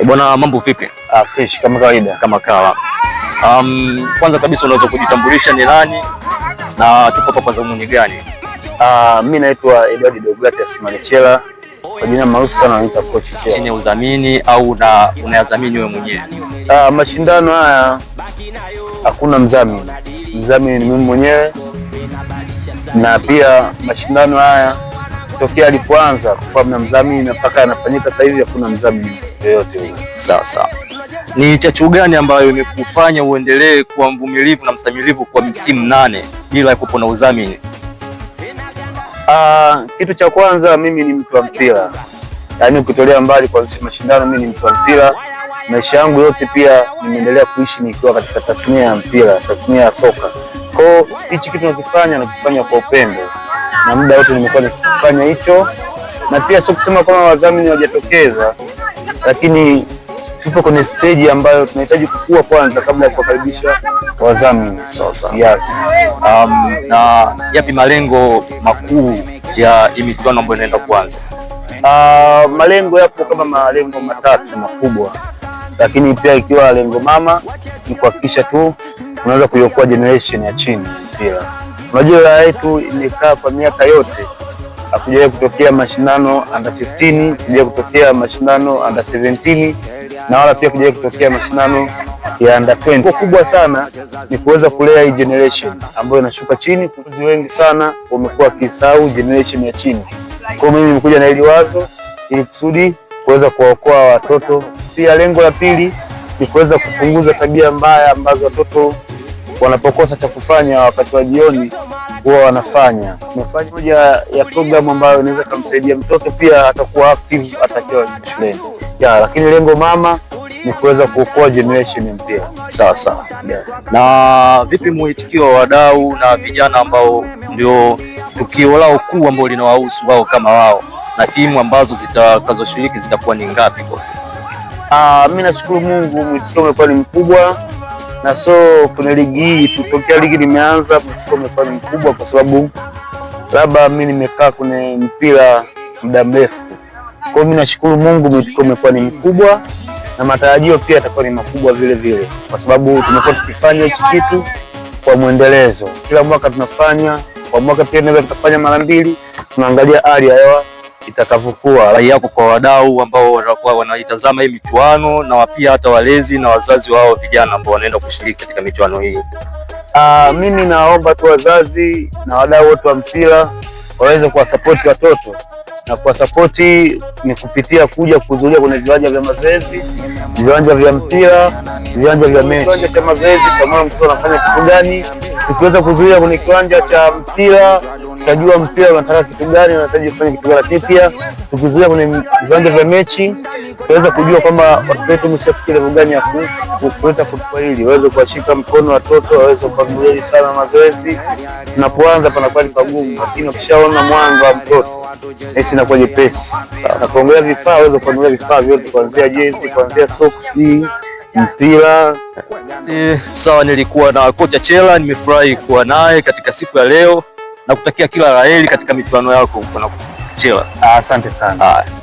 Eh, bwana, mambo vipi? Ah, fresh kama kawaida, kama kawa. Um, kwanza kabisa unaweza kujitambulisha ni nani na tupo hapa kwa dhumuni gani? Ah, mimi naitwa Edward Deogratias Malichela kwa jina maarufu sana naitwa Coach Chela. Chini udhamini au na unayadhamini wewe mwenyewe? Ah, mashindano haya hakuna mdhamini, mdhamini ni mimi mwenyewe, na pia mashindano haya tokea alipoanza kwa mna mdhamini mpaka anafanyika sasa hivi hakuna mdhamini yoyote huyo. Sawa sawa. Ni chachu gani ambayo imekufanya uendelee kuwa mvumilivu na mstamilivu kwa misimu nane bila kuwepo na udhamini? Ah, kitu cha kwanza mimi ni mtu wa mpira, yaani ukitolea mbali kwa mashindano, mimi ni mtu wa mpira. Maisha yangu yote pia nimeendelea kuishi nikiwa katika tasnia ya mpira, tasnia ya soka. Kwa hiyo hichi kitu nakifanya, nakifanya kwa upendo na muda wote nimekuwa nikifanya hicho, na pia sio kusema kama wadhamini hawajatokeza, lakini tupo kwenye stage ambayo tunahitaji kukua kwanza kabla ya kuwakaribisha wadhamini. Sasa yes. Um, na yapi malengo makuu ya michuano ambayo inaenda kuanza? Uh, malengo yapo kama malengo matatu makubwa, lakini pia ikiwa lengo mama ni kuhakikisha tu unaweza kuiokoa generation ya chini pia Unajua wilaya yetu imekaa kwa miaka yote, hakujawahi kutokea mashindano under 15, kujawahi kutokea mashindano under 17 na wala pia kujawahi kutokea mashindano ya under 20. Kwa kubwa sana ni kuweza kulea hii generation ambayo inashuka chini. Kuzi wengi sana wamekuwa wakisahau generation ya chini. Kwa mimi nimekuja na hili wazo ili kusudi kuweza kuwaokoa watoto. Pia lengo la pili ni kuweza kupunguza tabia mbaya ambazo watoto wanapokosa cha kufanya wakati wa jioni huwa wanafanya. Nimefanya moja ya programu ambayo inaweza kumsaidia mtoto pia atakuwa active atakiwa shuleni ya, lakini lengo mama ni kuweza kuokoa generation mpya. Sawa sawa, yeah. Na vipi mwitikio wa wadau na vijana ambao ndio tukio lao kuu ambao linawahusu wao kama wao, na timu ambazo zitakazoshiriki zitakuwa ni ngapi? Ah, mimi nashukuru Mungu, mwitikio umekuwa ni mkubwa na so kwenye ligi hii tutokea ligi limeanza mfuko umekuwa mkubwa, kwa sababu labda mimi nimekaa kwenye mpira muda mrefu. Kwa mimi nashukuru Mungu, mfuko umekuwa ni mkubwa na matarajio pia yatakuwa ni makubwa vile vile, kwa sababu tumekuwa tukifanya hichi kitu kwa mwendelezo, kila mwaka tunafanya, kwa mwaka pia tunaweza tukafanya mara mbili. Tunaangalia hali ya hewa kitakavyokuwa. rai yako kwa wadau ambao wanakuwa wanaitazama hii michuano na pia hata walezi na wazazi wao vijana ambao wanaenda kushiriki katika michuano hii? Uh, mimi naomba tu wazazi na wadau wote wa mpira waweze kuwasapoti watoto na kuwasapoti ni kupitia kuja kuhudhuria kwenye viwanja vya mazoezi, viwanja vya mpira, viwanja vya mechi. Kiwanja cha mazoezi, kama mtu anafanya kitu gani, tukiweza kuhudhuria kwenye kiwanja cha mpira utajua mpira unataka kitu gani, unahitaji kufanya kitu gani. Lakini pia tukizuia kwenye viwanja vya mechi, tutaweza kujua kwamba watoto wetu wameshafikia level gani ya kuleta kutupa hili, waweze kuwashika mkono watoto, waweze kuwagulia sana mazoezi. Tunapoanza panakuwa ni pagumu, lakini ukishaona mwanga wa mtoto esi inakuwa jepesi na kuongelea vifaa, waweze kuangalia vifaa vyote kuanzia jezi, kuanzia soksi, mpira. Eh, sawa, nilikuwa na kocha Chela, nimefurahi kuwa naye katika siku ya leo na kutakia kila la heri katika michuano yako unakuchela. Asante sana.